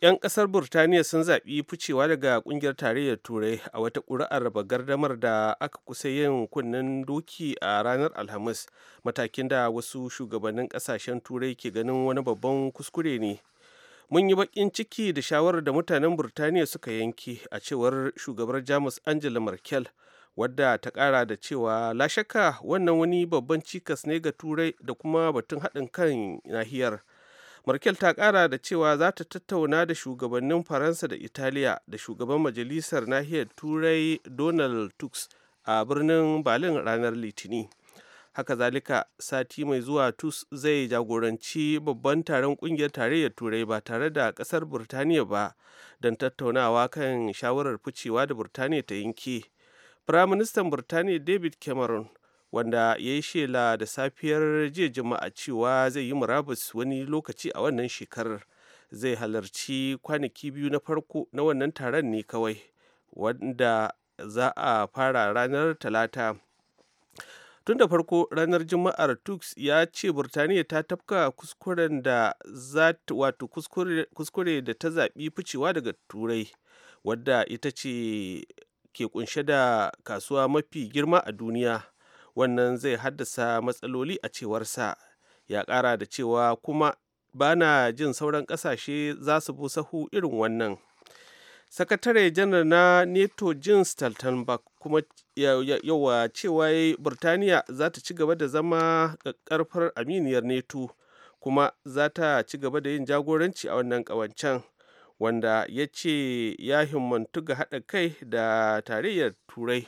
'yan kasar burtaniya sun zaɓi ficewa daga kungiyar tarayyar turai a wata ƙuri'ar raba gardamar da aka kusa yin kunnen doki a ranar alhamis matakin da wasu shugabannin ƙasashen turai ke ganin wani babban kuskure ne mun yi baƙin ciki da shawarar da mutanen burtaniya suka yanke a cewar shugabar jamus angela merkel wadda ta ƙara da cewa la wannan wani babban cikas ne ga turai da kuma batun haɗin kan nahiyar Merkel ta ƙara da cewa za ta tattauna da shugabannin Faransa da Italiya da shugaban Majalisar Nahiyar Turai Donald Tusk a birnin Berlin ranar Litini. Haka zalika sati mai zuwa Tusk zai jagoranci babban taron kungiyar tarayyar Turai ba tare da ƙasar Burtaniya ba don tattaunawa kan shawarar ficewa da Burtaniya ta yanke. Firaministan Burtaniya David Cameron wanda ya yi shela da safiyar jiya juma'a cewa zai yi murabus wani lokaci a wannan shekarar zai halarci kwanaki biyu na farko na wannan taron ne kawai wanda za a fara ranar talata tun da farko ranar juma'ar tux ya ce burtaniya ta tafka kuskuren da za wato kuskure da ta zaɓi ficewa daga turai wadda ita ce ke kunshe da kasuwa mafi girma a duniya wannan zai haddasa matsaloli a cewarsa ya ƙara da cewa kuma ba na jin sauran ƙasashe za su bu sahu irin wannan sakatare janar na neto jin stoltenberg kuma yawa cewa burtaniya za ta ci gaba da zama ƙarfar aminiyar neto kuma za ta ci gaba da yin jagoranci a wannan ƙawancen wanda ya ce ya himmantu ga haɗa kai da tarayyar turai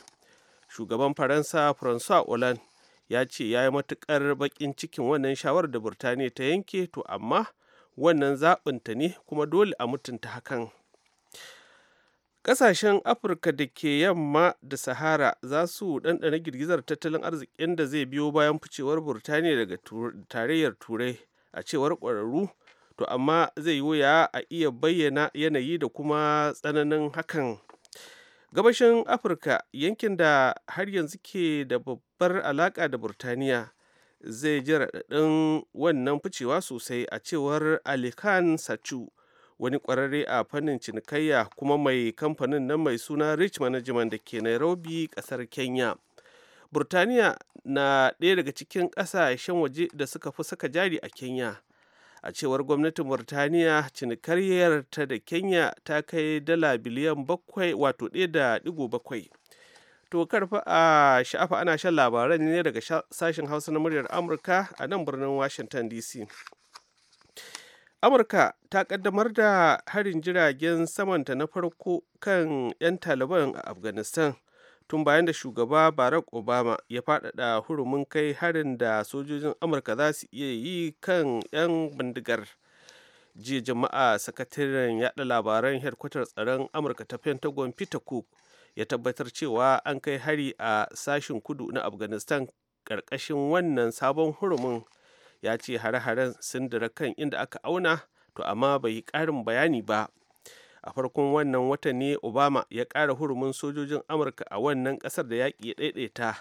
shugaban faransa francois hollande ya ce ya yi matukar bakin cikin wannan shawarar da burtaniya ta yanke to amma wannan zaɓinta ne kuma dole a mutunta hakan Ƙasashen Afirka da ke yamma da Sahara za su ɗanɗana girgizar tattalin arzikin da zai biyo bayan ficewar Burtaniya daga tarayyar Turai a cewar ƙwararru, to amma zai yi wuya a iya bayyana yanayi da kuma tsananin hakan gabashin afirka yankin da har yanzu ke da babbar alaka da burtaniya zai ji raɗaɗin wannan ficewa sosai a cewar alikan sachu wani ƙwararre a fannin cinikayya kuma mai kamfanin nan mai suna rich management da ke nairobi ƙasar kenya burtaniya na ɗaya daga cikin ƙasashen waje da suka fi saka jari a kenya a cewar gwamnatin Murtaniya cinikaryar ta da Kenya ta kai dala biliyan bakwai wato ɗaya da ɗigo bakwai. To karfa a sha'afa ana shan labaran ne daga sashen Hausa na muryar Amurka a nan birnin Washington DC. Amurka ta kaddamar da harin jiragen samanta na farko kan 'yan Taliban a Afghanistan. tun bayan da shugaba barack obama ya faɗaɗa hurumin kai harin da sojojin amurka za su iya yi kan 'yan bindigar jiya jama'a sakataren yaɗa labaran herkwatar tsaron amurka ta pentagon peter cook ya tabbatar cewa an kai hari a sashin kudu na afghanistan ƙarƙashin wannan sabon hurumin ya ce hare-haren sun dira kan inda aka auna to amma bai yi ƙarin bayani ba a farkon wannan watan ne obama ya kara hurumin sojojin amurka a wannan ƙasar da yaƙi ya ɗaiɗaita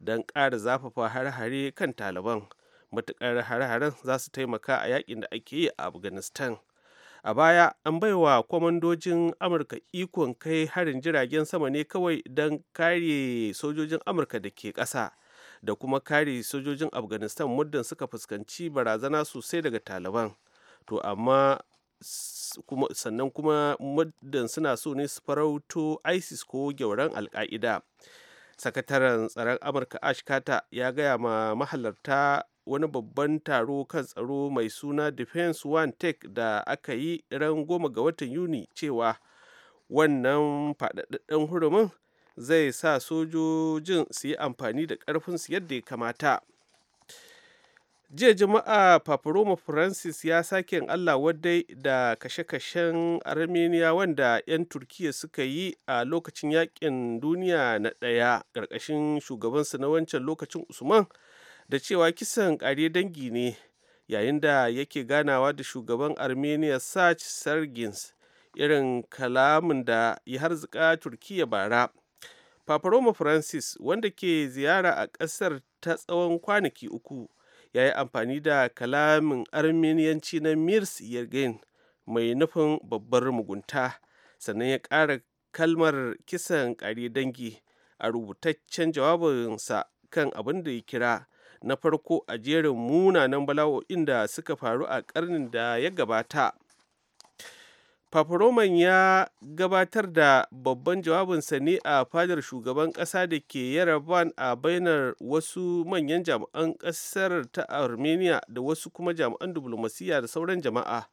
don ƙara zafafa har hare kan taliban matuƙar hare-haren za su taimaka a yaƙin da ake yi a afghanistan a baya an baiwa kwamandojin amurka ikon kai harin jiragen sama ne kawai don kare sojojin amurka da ke ƙasa da kuma kare sojojin afghanistan muddin suka fuskanci barazana sosai daga taliban to amma sannan kuma muddin suna so ne su farauto isis ko gyauran alka'ida sakataren tsaron amurka ash ya gaya ma mahalarta wani babban taro kan tsaro mai suna defense one tech da aka yi ran goma ga watan yuni cewa wannan faɗaɗɗen hurumin zai sa sojojin su yi amfani da ƙarfinsu yadda ya kamata jiya juma'a Paparoma francis ya sake allah wadai da kashe-kashen armenia wanda 'yan turkiya suka yi a lokacin yakin duniya na ɗaya ƙarƙashin shugabansu na wancan lokacin usman da cewa kisan ƙare dangi ne yayin da yake ganawa da shugaban armenia sach sergins irin kalamin da ya harzika turkiya bara Paparoma francis wanda ke ziyara a ƙasar ta tsawon kwanaki uku ya yi amfani da kalamin armeniyanci na mirs yergin mai nufin babbar mugunta sannan ya ƙara kalmar kisan kare dangi a rubutaccen jawabinsa kan abin da ya kira na farko a jerin munanan bala'o'in da suka faru a karnin da ya gabata Roman ya gabatar da babban jawabinsa ne a fadar shugaban ƙasa da ke Yerevan a bainar wasu manyan jami'an ƙasar ta Armenia da wasu kuma jami'an diflomasiyya da sauran jama'a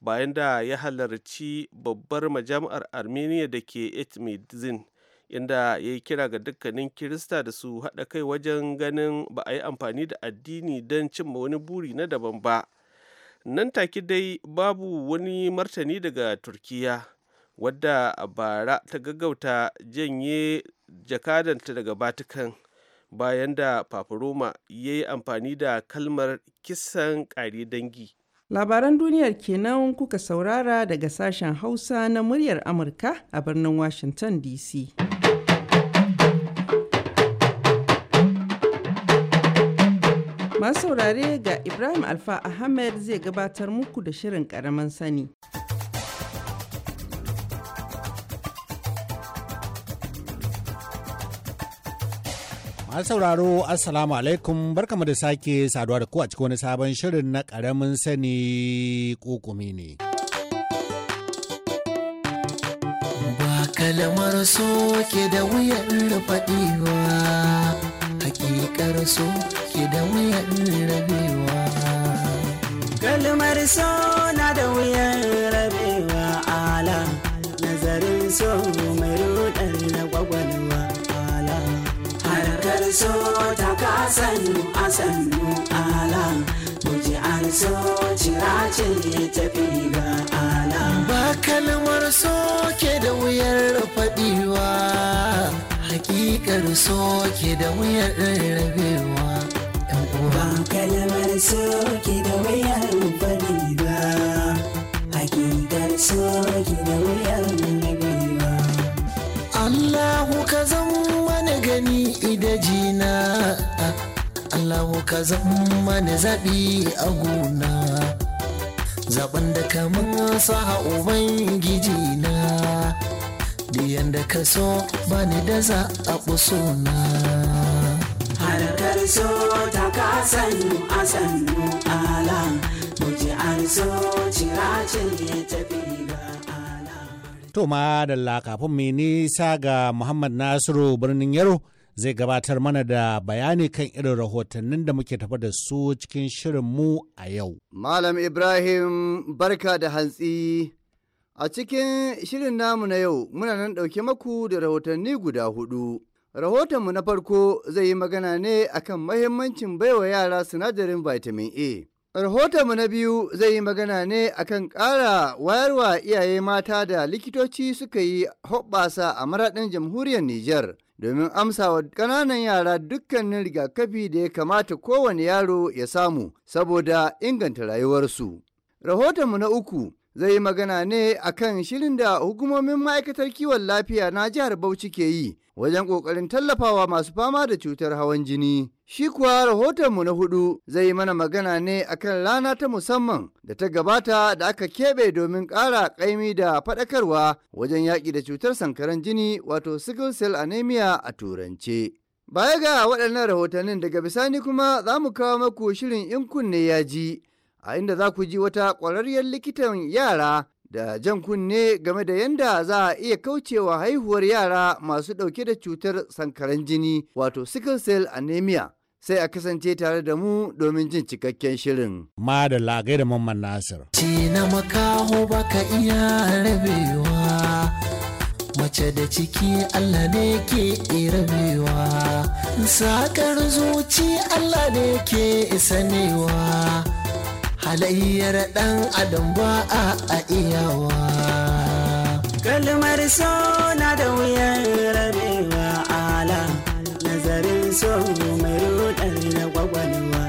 bayan da ya halarci babbar majami'ar Armenia da ke Etmedzin inda ya yi kira ga dukkanin Kirista da su haɗa kai wajen ganin ba a yi amfani da addini don cimma wani buri na daban ba. nan take dai babu wani martani daga turkiya wadda a bara ta gaggauta janye jakadanta daga batukan bayan da paparoma ya yi amfani da kalmar kisan ƙare dangi labaran duniyar kenan kuka saurara daga sashen hausa na muryar amurka a birnin washington dc Masu saurare ga Ibrahim Alfa Ahmed zai gabatar muku da shirin ƙaramin sani. Masu sauraro Assalamu alaikum barkamu da sake saduwa da ku a cikin wani sabon shirin na ƙaramin sani kukumi ne. Ba kalamar so ke da wuyan faɗiwa, hakikar so ke da wuyan rabewa kalmar so na da wuyan rabewa ala nazarin so mai rudar na gwagwalwa ala harkar so ta kasanu a sannu ala guji an so cira ce tafi ga ala ba kalmar so ke da wuyar faɗiwa hakikar so ke da wuyar rabewa ba kalmar so ki da wayar fari ba hakikar so ki da wayar nabi ba Allahu ka zan wani gani jina Allahu ka zan wani zaɓi a gona zaben da ka mun sa ubangiji na diyan da ka so bani da za a ɓuso na harkar so sannu a sannu To ma da kafin mai nisa ga Muhammad Nasiru birnin Yaro zai gabatar mana da bayani kan irin rahotannin da muke tafa da su cikin mu a yau. Malam Ibrahim barka da hantsi. A cikin shirin namu na yau muna nan ɗauke maku da rahotanni guda hudu. Rahotonmu na farko zai yi magana ne akan mahimmancin baiwa yara sinadarin vitamin A. Rahotonmu na biyu zai yi magana ne akan ƙara wayarwa iyaye mata da likitoci suka yi hoɓɓasa a maraɗin jamhuriyar Nijar domin amsa wa ƙananan yara dukkanin rigakafi da ya kamata kowane yaro ya samu saboda inganta rayuwarsu. Rahotonmu na uku zai yi magana ne a kan shirin da hukumomin ma'aikatar kiwon lafiya na jihar Bauchi ke yi wajen ƙoƙarin tallafawa masu fama da cutar hawan jini. Shi kuwa rahotonmu na hudu zai yi mana magana ne a kan rana ta musamman da ta gabata da aka keɓe domin ƙara ƙaimi da faɗakarwa wajen yaƙi da cutar sankaran jini wato sickle cell anemia a turance. Baya ga waɗannan rahotannin daga bisani kuma za mu kawo maku shirin in kunne yaji a inda za ku ji wata ƙwararriyar likitan yara da jan kunne game da yadda za a iya kaucewa haihuwar yara masu ɗauke da cutar sankaran jini wato sickle cell anemia. sai a kasance tare da mu domin jin cikakken shirin. Ma da lagai da mamman Nasir. Ci na makaho baka iya rabewa, mace da ciki Allah ne ke rabewa, sakar zuci Allah ne ke sanewa. halayyar ɗan adam ba a iyawa kalmar so na da wuyan rabewa ala nazarin so mai rudar na gwagwalwa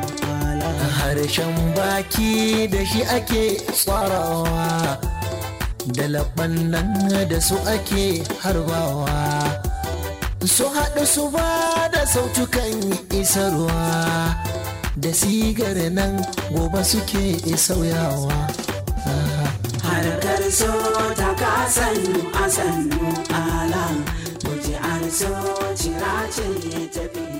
ala harshen baki da shi ake tsarawa da laɓan nan da su ake harbawa su haɗu su ba da sautukan isarwa da sigar nan gobe suke sauyawa harkar so ta kasannu a sannu ala guji arso ciracin ya tafi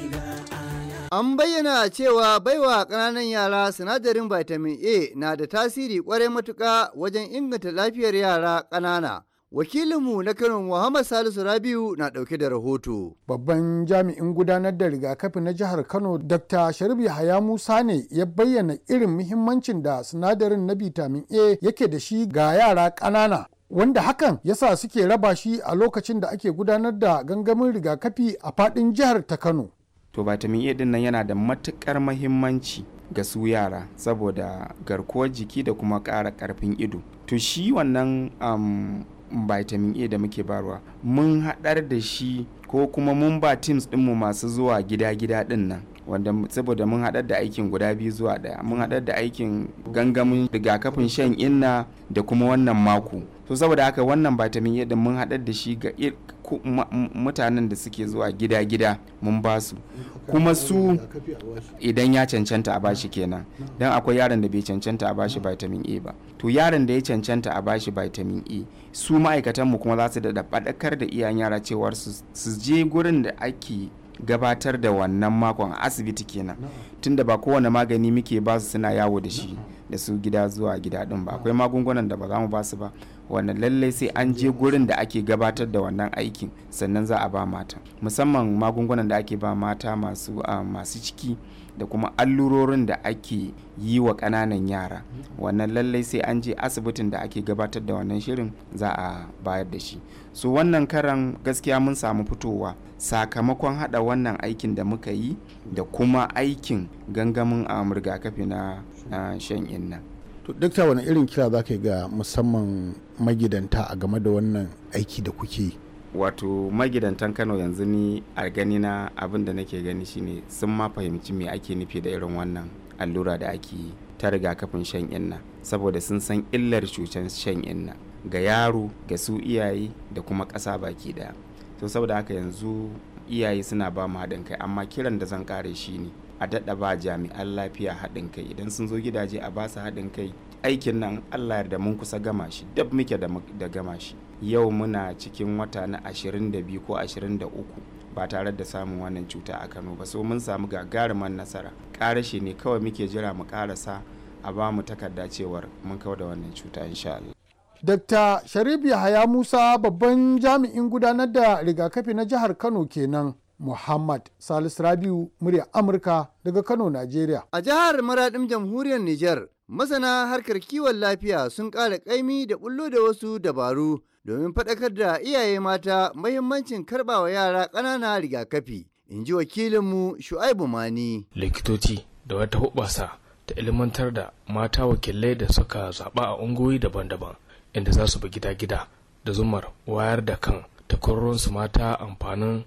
An bayyana cewa baiwa ƙananan yara sinadarin vitamin A na da tasiri ƙwarai matuƙa wajen inganta lafiyar yara ƙanana. Wakilinmu na Kano Muhammad Salisu Rabiu na ɗauke da rahoto. Babban jami'in gudanar da rigakafi na jihar Kano Dr. Sharif Yahaya Musa ne ya bayyana irin muhimmancin da sinadarin na vitamin A yake da shi ga yara ƙanana. Wanda hakan ya sa suke raba shi a lokacin da ake gudanar da gangamin rigakafi a faɗin jihar ta Kano. To vitamin A din nan yana da matukar muhimmanci ga su yara saboda garkuwar jiki da kuma ƙara karfin ido. To shi wannan um, vitamin a da muke barwa mun haɗar da shi ko kuma mun ba teams ɗinmu masu zuwa gida-gida ɗin nan wanda saboda mun haɗar da aikin guda biyu zuwa ɗaya mun haɗar da aikin gangamin rigakafin shan inna da kuma wannan mako to saboda haka wannan ta yadda mun haɗar da shi ga mutanen da suke zuwa gida-gida mun ba su kuma su idan ya cancanta a bashi kenan don akwai yaron da bai cancanta a bashi vitamin a ba to yaron da ya cancanta a bashi vitamin a su ma'aikatanmu kuma za su da da iyayen yara cewar su je gurin da ake gabatar da wannan makon a asibiti kenan tunda ba kowane magani muke ba su suna yawo da shi da su gida zuwa gida din ba akwai magungunan da ba za mu ba su ba wanda lallai sai an je gurin da ake gabatar da wannan aikin sannan za a ba mata musamman magungunan da ake ba mata masu ah, masu ciki da kuma allurorin da ake yi wa ƙananan yara wannan lallai sai an je asibitin da ake gabatar da wannan shirin za a bayar da shi su wannan karan gaskiya mun samu fitowa sakamakon haɗa wannan aikin da muka yi da kuma aikin gangamin a um, rigakafi na shan inna to wani irin kira za ka yi ga musamman magidanta a game da wannan aiki da kuke yi wato magidantan kano yanzu ni a gani na abin da nake gani shine sun ma fahimci me ake nufi da irin wannan allura da ake yi ta rigakafin shan inna saboda sun san illar cutar shan inna ga yaro ga su iyaye da kuma ƙasa baki ɗaya to saboda haka yanzu iyaye suna ba mu haɗin kai amma kiran da zan kare shi ne a daɗa ba jami'an lafiya haɗin kai idan sun zo gidaje a ba su haɗin kai aikin nan allah yarda mun kusa gama shi dab muke da gama shi yau muna cikin wata na 22 ko 23 ba tare da samun wannan cuta a kano ba so mun samu gagarumar nasara shi ne kawai muke jira mu ƙarasa a ba mu takarda cewar mun kawar da wannan cuta insha Allah. Dr. Sharif Yahaya Musa babban jami'in gudanar da rigakafi na jihar Kano kenan. Muhammad Salisu Rabiu murya Amurka daga Kano, Najeriya. A jihar Maraɗin Jamhuriyar Nijar, Masana harkar kiwon lafiya sun ƙara ƙaimi da bullo da wasu dabaru domin faɗakar da iyaye mata mahimmancin karɓawa yara ƙanana rigakafi, in ji wakilinmu Shu'aibu Mani. Likitoci da wata huɓasa ta ilmantar da mata wakilai da suka zaɓa a ungoyi daban-daban inda za su bi gida-gida da zumar wayar da kan takwarorinsu mata amfanin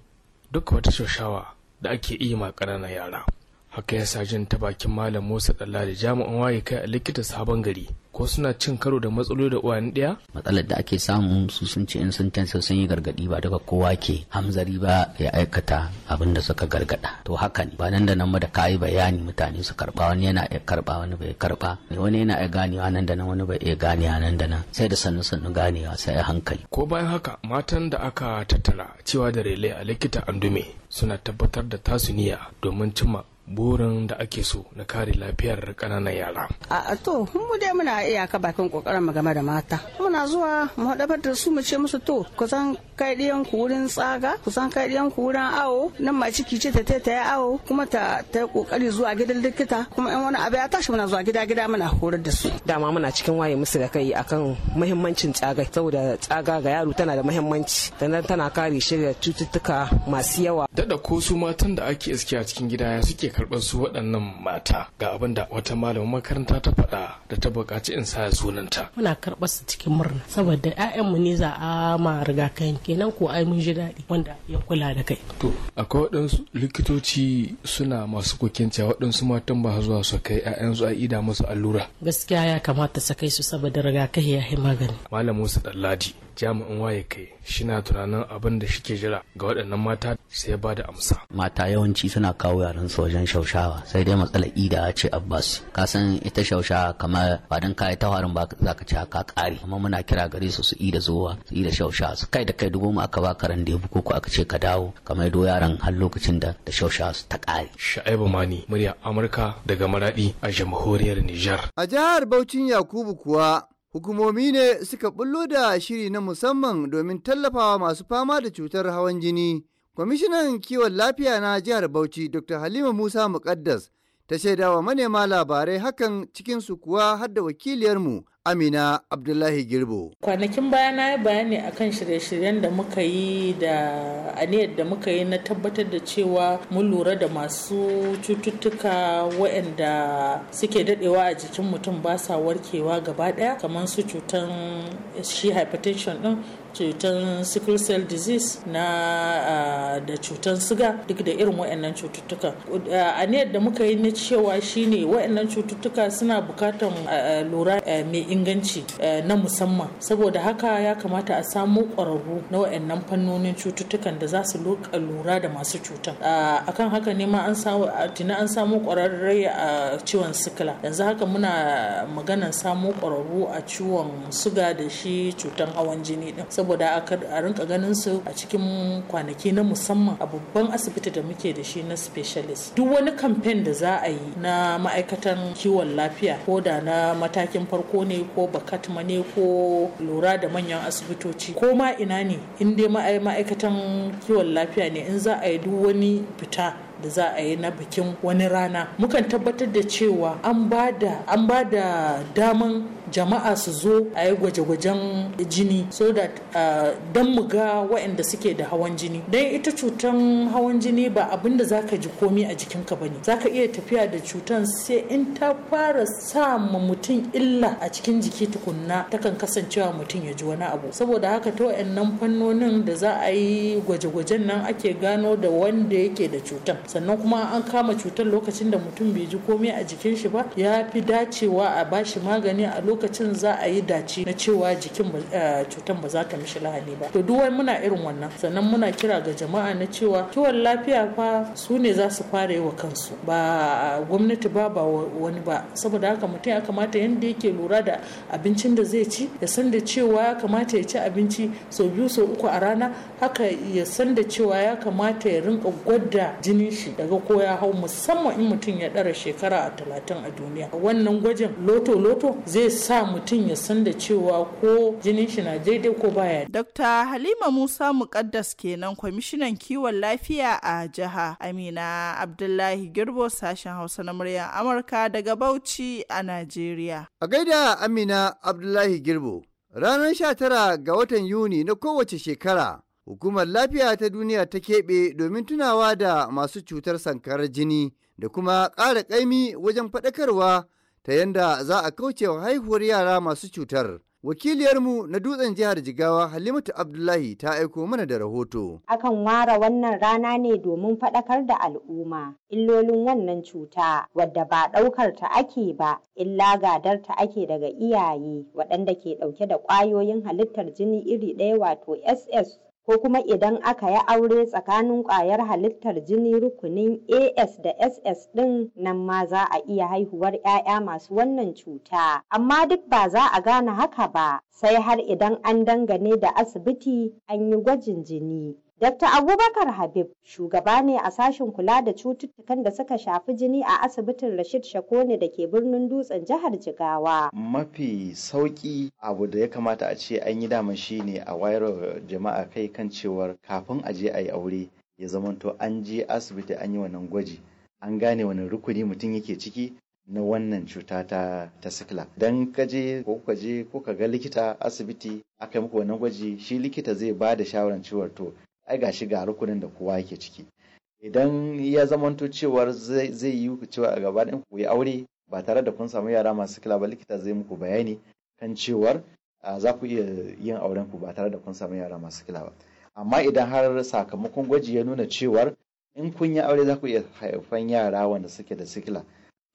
duk wata shashawa da ake iya ma ƙananan yara. haka ya sajin ta bakin malam musa dalla da jami'an waye kai a likita sabon gari ko suna cin karo da matsaloli da uwan ɗaya? matsalar da ake samu su sun ce in sun tansa sun yi gargadi ba daga kowa ke hamzari ba ya aikata abin da suka gargada to haka ne ba nan da nan da kai bayani mutane su karba wani yana iya karba wani bai karba wani yana iya ganewa nan da nan wani bai iya ganewa nan da nan sai da sannu sannu ganewa sai hankali ko bayan haka matan da aka tattara cewa da rele a likita andume suna tabbatar da tasuniya domin cimma burin da ake so na kare lafiyar kananan yara. A to, mu dai muna iyaka bakin kokarin mu game da mata. Muna zuwa mu da su mu ce musu to, ku san kai ɗiyan ku wurin tsaga, ku san kai ɗiyan ku wurin awo, nan ma ciki ce ta ta yi awo, kuma ta ta kokari zuwa gidan likita, kuma in wani abu ya tashi muna zuwa gida gida muna horar da su. Dama muna cikin waye musu da kai akan muhimmancin tsaga, saboda tsaga ga yaro tana da muhimmanci, sannan tana kare shi da cututtuka masu yawa. Dada ko su matan da ake iske a cikin gida ya suke karɓar su waɗannan mata ga abin da wata malamin makaranta ta faɗa da ta buƙaci in sa sunanta. Muna karɓar su cikin murna saboda 'ya'yanmu ne za a ma rigakafin kenan ko ai mun ji daɗi wanda ya kula da kai. To akwai waɗansu likitoci suna masu kokinta waɗansu matan ba zuwa su kai 'ya'yansu a ida musu allura. Gaskiya ya kamata su kai su saboda rigakafi ya yi magani. Malam Musa Ɗanladi jami'in waye kai shi na tunanin abin da shi ke jira ga waɗannan mata sai ba da amsa. Mata yawanci suna kawo yaran su wajen shaushawa sai dai matsalar ida ce Abbas. Ka san ita shaushawa kamar ba don kayi tawarin ba za ka ci haka kare amma muna kira gare su su ida zuwa su ida shaushawa su kai da kai dubu mu aka ba ka da ko ko aka ce ka dawo kamar do yaran har lokacin da da shaushawa su ta kare. Sha'ibu Mani murya Amurka daga maraɗi a jamhuriyar Nijar. A jihar Bauchin Yakubu kuwa Hukumomi ne suka bullo da shiri na musamman domin tallafawa masu fama da cutar hawan jini. Kwamishinan kiwon lafiya na jihar Bauchi Dr. Halima Musa Muƙaddas ta shaidawa manema labarai hakan cikin su kuwa har da wakiliyarmu Amina Abdullahi Girbo. Kwanakin baya na yi bayani akan shirye-shiryen da muka yi da aniyar da muka yi na tabbatar da cewa mun lura da masu cututtuka waɗanda suke dadewa a jikin mutum ba sa warkewa gaba ɗaya kamar su cutan shi hypertension ɗin cutan sickle cell disease na da cutan siga duk da irin waɗannan cututtuka aniyar da muka yi na cewa shine waɗannan cututtuka suna bukatan lura mai inganci eh, na musamman saboda haka ya kamata a samu ƙwararru na waɗannan fannonin cututtukan da za su lura da masu cutan akan haka ne ma an samu an samu ƙwararre a ciwon sikila yanzu haka muna maganan samu ƙwararru a ciwon suga da shi cutan hawan jini din saboda a rinka ganin su a cikin kwanaki na musamman a babban asibiti da muke da shi na specialist duk wani kamfen da za a yi na ma'aikatan kiwon lafiya ko da na matakin farko ne ko bakatma ne ko lura da manyan asibitoci ko ma ina ne in dai ma'aikatan kiwon lafiya ne in za a yi duk wani fita da za a yi na bikin wani rana mukan tabbatar da cewa an ba da daman jama'a su zo a yi gwaje-gwajen jini so that uh, don mu ga waɗanda suke da hawan jini don ita cutan hawan jini ba abin da zaka ji komi a jikinka ba ne zaka iya tafiya da cutan sai in ta fara sa ma mutum illa a cikin jiki tukunna takan kasancewa mutum ya ji wani abu saboda haka ta waɗannan fannonin da za a yi gwaje-gwajen nan ake gano da wanda yake da cutan sannan kuma an kama cutan lokacin da mutum bai ji komi a jikin shi ba ya fi dacewa a bashi magani a lokacin lokacin za a yi dace na cewa jikin eh, cutan ba za ta mishi lahani ba to duwai muna irin wannan sannan muna kira ga jama'a na cewa kiwon lafiya fa su ne za su fara yi wa kansu ba gwamnati ba ba wani ba saboda haka mutum ya kamata yadda yake lura da abincin da zai ci ya san da cewa ya kamata ya ci abinci sau biyu sau uku a rana haka ya san da cewa ya kamata ya rinka gwada jinin shi daga ko ya hau musamman in mutum ya ɗara shekara a talatin a duniya wannan gwajin loto loto zai sa mutum ya san da cewa ko jinin shi na daidai ko baya. Dr. Halima Musa Mukaddas kenan kwamishinan kiwon lafiya a jiha Amina Abdullahi Girbo sashen Hausa na muryar Amurka daga Bauchi a Najeriya. A gaida Amina Abdullahi Girbo, ranar sha tara ga watan Yuni na kowace shekara. Hukumar Lafiya ta Duniya ta keɓe domin tunawa da masu cutar sankarar jini da kuma ƙara ƙaimi wajen faɗakarwa ta yanda za a kauce wa haihuwar yara masu cutar. Wakiliyarmu na dutsen jihar Jigawa Halimatu Abdullahi ta aiko mana da rahoto. Akan ware wannan rana ne domin faɗakar da al'umma illolin wannan cuta wadda ba ɗaukar ta ake ba illa gadar ta ake daga iyaye waɗanda ke ɗauke da ƙwayoyin halittar jini iri ɗaya wato SS ko kuma idan aka yi aure tsakanin ƙwayar halittar jini rukunin AS da SS ɗin nan ma za a iya haihuwar 'ya'ya masu wannan cuta. Amma duk ba za a gane haka ba sai har idan an dangane da asibiti an yi gwajin jini. Dr. Abubakar Habib shugaba ne a sashen kula da cututtukan da suka shafi jini a asibitin Rashid Shakone da ke birnin Dutsen jihar Jigawa. Mafi sauƙi abu da ya kamata a ce an yi dama shi ne a wayar jama'a kai kan cewar kafin a je a yi aure ya zamanto an je asibiti an yi wannan gwaji an gane wani rukuni mutum yake ciki na wannan cuta ta ta sikila dan ka je ko ka je ko ka ga likita asibiti aka yi muku wannan gwaji shi likita zai ba da shawaran cewar to ai shi ga rukunin da kowa yake ciki idan ya zamanto cewar zai yi cewa a gaba ɗin ku yi aure ba tare da kun samu yara masu kila ba likita zai muku bayani kan cewar za ku iya yin auren ku ba tare da kun samu yara masu kila ba amma idan har sakamakon gwaji ya nuna cewar in kun yi aure za ku iya haifan yara wanda suke da sikila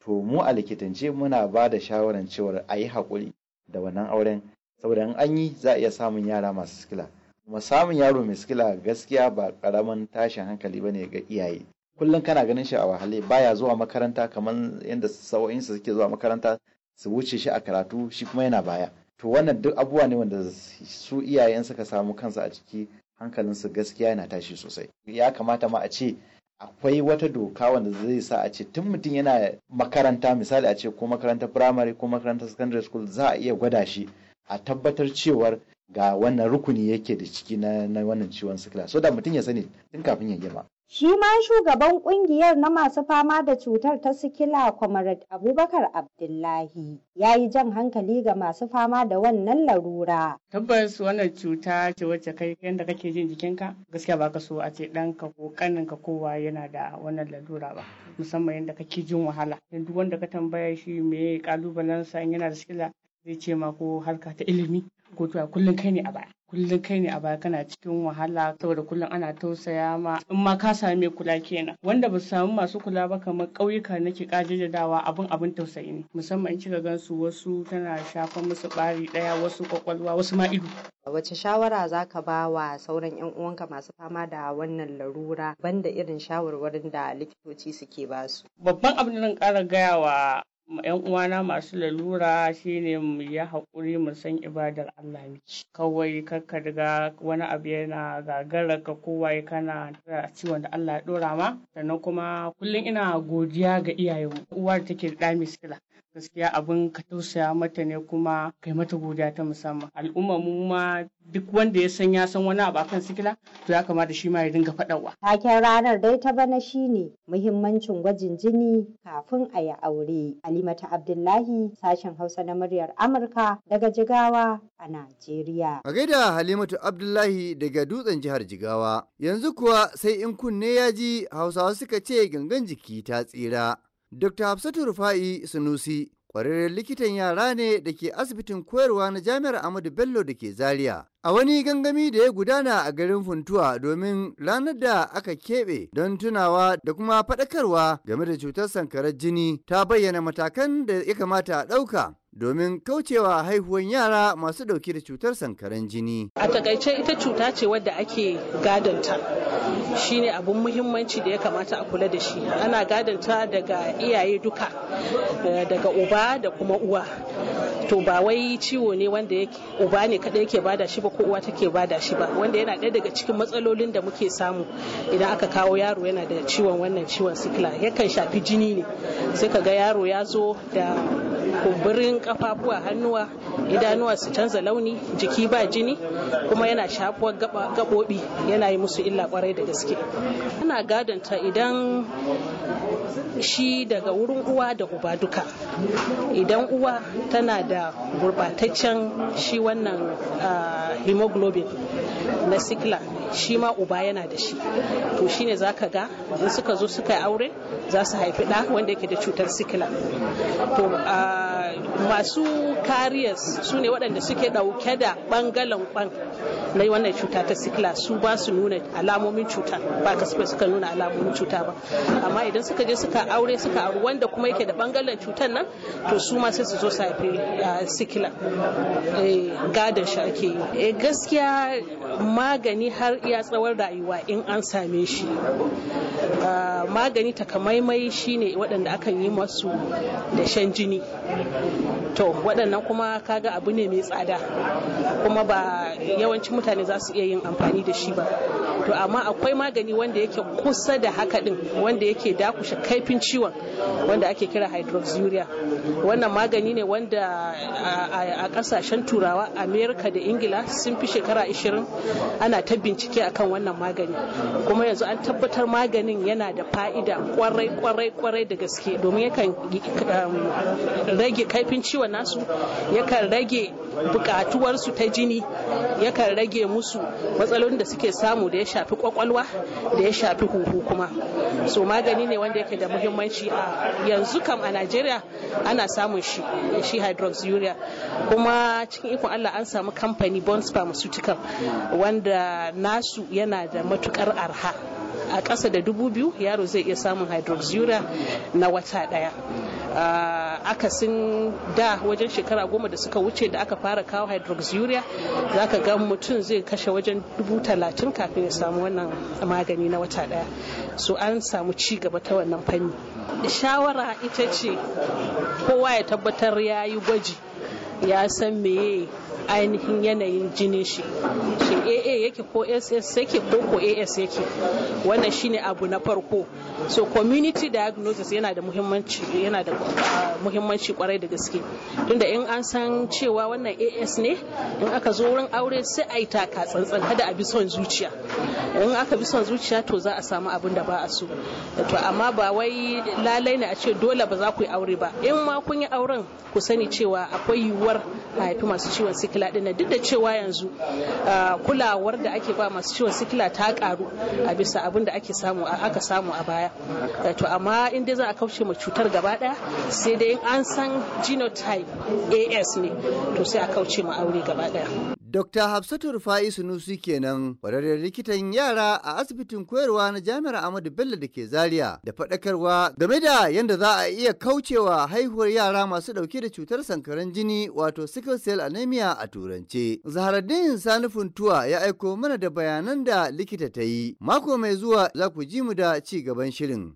to mu a likitance muna ba da shawaran cewar a yi haƙuri da wannan auren saboda in an yi za a iya samun yara masu sikila kuma samun yaro mai sikila gaskiya ba karaman tashin hankali ba ne ga iyaye kullum kana ganin shi a wahale baya zuwa makaranta kamar yadda sawa'insa suke zuwa makaranta su wuce shi a karatu shi kuma yana baya to wannan duk abubuwa ne wanda su iyayen suka samu kansa a ciki hankalinsu gaskiya yana tashi sosai ya kamata ma a ce akwai wata doka wanda zai sa a ce tun mutum yana makaranta misali a ce ko makarantar firamare ko makarantar secondary school za a iya gwada shi a tabbatar cewar ga wannan rukuni yake da ciki na, wannan ciwon sikila so da mutum ya sani tun kafin ya girma. Shi ma shugaban kungiyar na masu fama da cutar ta sikila Kwamarat Abubakar Abdullahi ya yi jan hankali ga masu fama da wannan larura. Tabbas wannan cuta ce wacce kai yadda kake jin jikinka gaskiya ba ka so a ce ɗanka ko ƙaninka kowa yana da wannan larura ba musamman yadda kake jin wahala. Duk wanda ka tambaya shi me ƙalubalensa sa yana da sikila zai ce ma ko harka ta ilimi ko tuwa kullum kai ne a baya kullum kai ne a baya kana cikin wahala saboda kullum ana tausaya ma in ma ka sami kula kenan wanda ba samu masu kula ba kamar ƙauyuka nake dawa abin abin tausayi ne musamman in kika gansu wasu tana shafa musu ɓari ɗaya wasu kwakwalwa wasu ma ido wace shawara za ka ba wa sauran 'yan uwanka masu fama da wannan larura banda irin shawarwarin da likitoci suke ba su babban abin da zan ƙara gaya wa 'yan uwana masu lalura shine mu yi haƙuri mu san ibadar Allah ne kawai ka riga wani abu yana gagara ka kowaye kana a ciwon da Allah ya ɗora ma sannan kuma kullum ina godiya ga iyayenmu uwa da take da ɗa mai sikila gaskiya abin ka tausaya mata ne kuma kai mata godiya ta musamman al'umma mu ma duk wanda ya san ya san wani abu akan sikila to ya kamata shi ma ya dinga faɗawa. Taken ranar dai ta bana shine muhimmancin gwajin jini kafin a yi aure. alimata Abdullahi sashen Hausa na muryar Amurka daga Jigawa a Najeriya. A gaida Halimatu Abdullahi daga dutsen jihar Jigawa. Yanzu kuwa sai in kunne ya ji Hausawa suka ce gangan jiki ta tsira. Dr. Hafsatu Rufa'i Sunusi kwararren likitan yara ne da ke asibitin koyarwa na jami'ar Ahmadu Bello da ke Zaria. A wani gangami da ya gudana a garin Funtuwa domin ranar da aka keɓe don tunawa da kuma faɗakarwa game da cutar sankarar jini ta bayyana matakan da ya kamata a ɗauka domin kaucewa haihuwar yara masu dauke da cutar sankaran jini. A takaice ita cuta ce wadda ake gadanta ne abun muhimmanci da ya kamata a kula da shi. Ana gadanta daga iyaye duka eh, daga uba da kuma uwa. To ba wai ciwo ne wanda uba ne kaɗai yake bada shi ba ko uwa take bada shi ba wanda yana ɗaya daga cikin matsalolin da muke samu idan aka kawo yaro yana da ciwon wannan ciwon sikila yakan shafi jini ne sai ka ga yaro ya zo da kumburin kafafuwa hannuwa idanuwa su canza launi jiki ba jini kuma yana shafuwar gaɓoɓi yana yi musu illa kwarai da gaske ana gadanta idan shi daga wurin uwa da uba duka idan uwa tana da gurbataccen shi wannan hemoglobin na sikla shi ma uba yana da shi to shi ne za ka ga in suka zo suka yi aure za su haifi ɗa wanda yake da cutar sikla to masu kariyas su ne waɗanda suke ɗauke da ɓangalen ɓan na wannan cuta ta sikila su ba su nuna alamomin cuta ba kasafai suka nuna alamomin cuta ba amma idan suka je suka aure suka aure wanda kuma yake da bangaren cutar nan to su ma sai su zo safe sikila eh, gadon shi ake yi eh, gaskiya magani har iya tsawon rayuwa in an same shi ah, magani takamaimai shine waɗanda aka yi masu da shan jini to waɗannan kuma kaga abu ne mai tsada kuma ba yawancin mutane za su iya yin amfani da shi ba to amma akwai magani wanda yake kusa da haka din wanda yake dakushe kaifin ciwon wanda ake kira hydroxyuria wannan magani ne wanda a kasashen turawa amerika da ingila sun fi shekara 20 ana ta bincike akan wannan magani kuma yanzu an tabbatar maganin yana da fa'ida kwarai kwarai kwarai da gaske domin yakan um, rage kaifin ciwon nasu yakan rage bukatuwarsu ta jini yakan rage musu matsalolin da suke samu da ya shafi kwakwalwa da ya shafi huhu kuma so magani ne wanda yake yake da muhimmanci a yanzu kam a Najeriya ana samun shi shi hydroxyurea kuma cikin ikon Allah an samu kamfani Bonds Pharmaceutical wanda nasu yana da matukar arha a ƙasa da dubu biyu yaro zai iya samun hydroxyurea na wata ɗaya akasin da wajen shekara goma da suka wuce da aka fara kawo hydroxyurea za ka ga mutum zai kashe wajen dubu talatin kafin ya samu wannan magani na wata ɗaya so an samu ci gaba ta wannan fanni shawara ita ce kowa ya tabbatar ya yi gwaji ya san meye ainihin yanayin jini shi shi aa yake ko ss yake ko ko as yake wannan shine abu na farko so community diagnosis yana da muhimmanci yana da ah, muhimmanci kwarai da gaske tunda in an san cewa wannan as ne in aka zo wurin aure sai a yi taka tsantsan kada a bi son zuciya in aka bi son zuciya to za a samu abin da ba a so to amma ba wai lalai ne a ce dole ba za ku yi aure ba in ma kun yi auren ku sani cewa akwai yiwuwar a haifi masu ciwon sikila ɗin duk da cewa yanzu ah, kulawar da ake ba masu ciwon sikila ta karu a bisa abin da ake samu aka samu a baya eh, to amma in dai za a kauce ma cutar gaba ɗaya sai dai an san genotype as ne to sai a kauce ma aure gaba ɗaya Dr. Hafsatu Rufa'i Sunusi kenan kwararren likitan yara a asibitin koyarwa na Jami'ar Ahmadu Bello da ke Zaria da faɗakarwa game da yadda za a iya kaucewa haihuwar yara masu ɗauke da cutar sankaran jini wato sickle cell anemia a turance. Zaharaddin Sani Funtuwa ya aiko mana da bayanan da likita ta yi. Mako mai zuwa za ku ji mu da ci gaban shirin.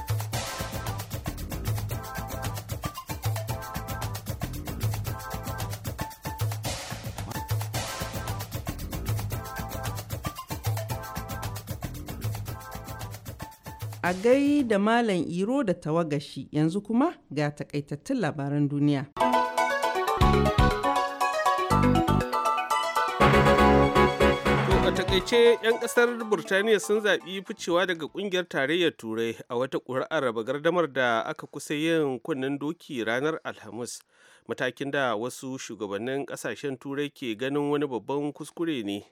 a gai da Malam Iro da tawagashi yanzu kuma ga takaitattun labaran duniya. a takaice 'yan kasar burtaniya sun zaɓi ficewa daga ƙungiyar tarayyar turai a wata ƙuri'ar raba gardamar da aka kusa yin kunnen doki ranar alhamis matakin da wasu shugabannin ƙasashen turai ke ganin wani babban kuskure ne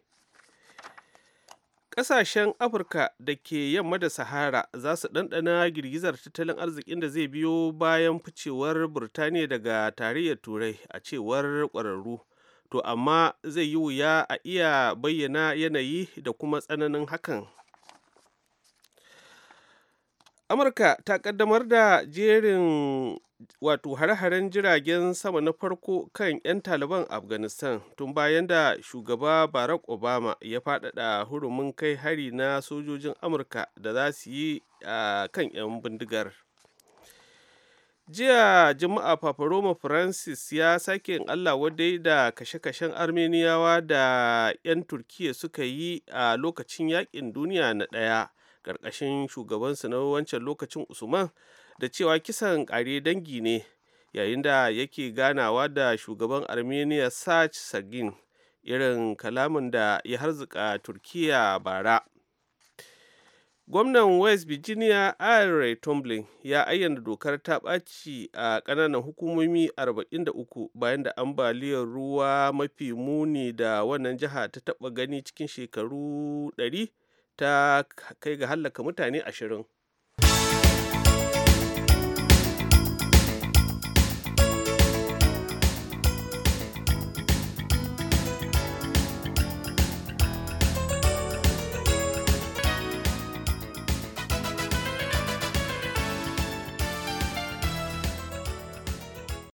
Ƙasashen Afirka da ke yamma da Sahara za su ɗanɗana girgizar tattalin arzikin da zai biyo bayan ficewar Birtaniya daga tarayyar Turai a cewar ƙwararru. To amma zai yi wuya a iya bayyana yanayi da kuma tsananin hakan amurka ta ƙaddamar da jerin wato hare-haren jiragen sama na farko kan 'yan taliban afghanistan tun bayan da shugaba barack obama ya faɗaɗa hurumin kai hari na sojojin amurka da za su yi a kan 'yan bindigar jiya juma'a paparoma francis ya sake in allah wadai da kashe-kashen armeniyawa da 'yan turkiya suka yi a lokacin yakin duniya na ɗaya ƙarƙashin shugabansu na wancan lokacin usman da cewa kisan kare dangi ne yayin da yake ganawa da shugaban armenia sach sagin irin kalamin da ya harzuka turkiya bara gwamnan west virginia ira tumbling ya ayyana dokar ta ɓaci a ƙananan hukumomi 43 bayan da ambaliyar ruwa mafi muni da wannan jiha ta taɓa gani cikin shekaru 100 ta kai ga hallaka mutane 20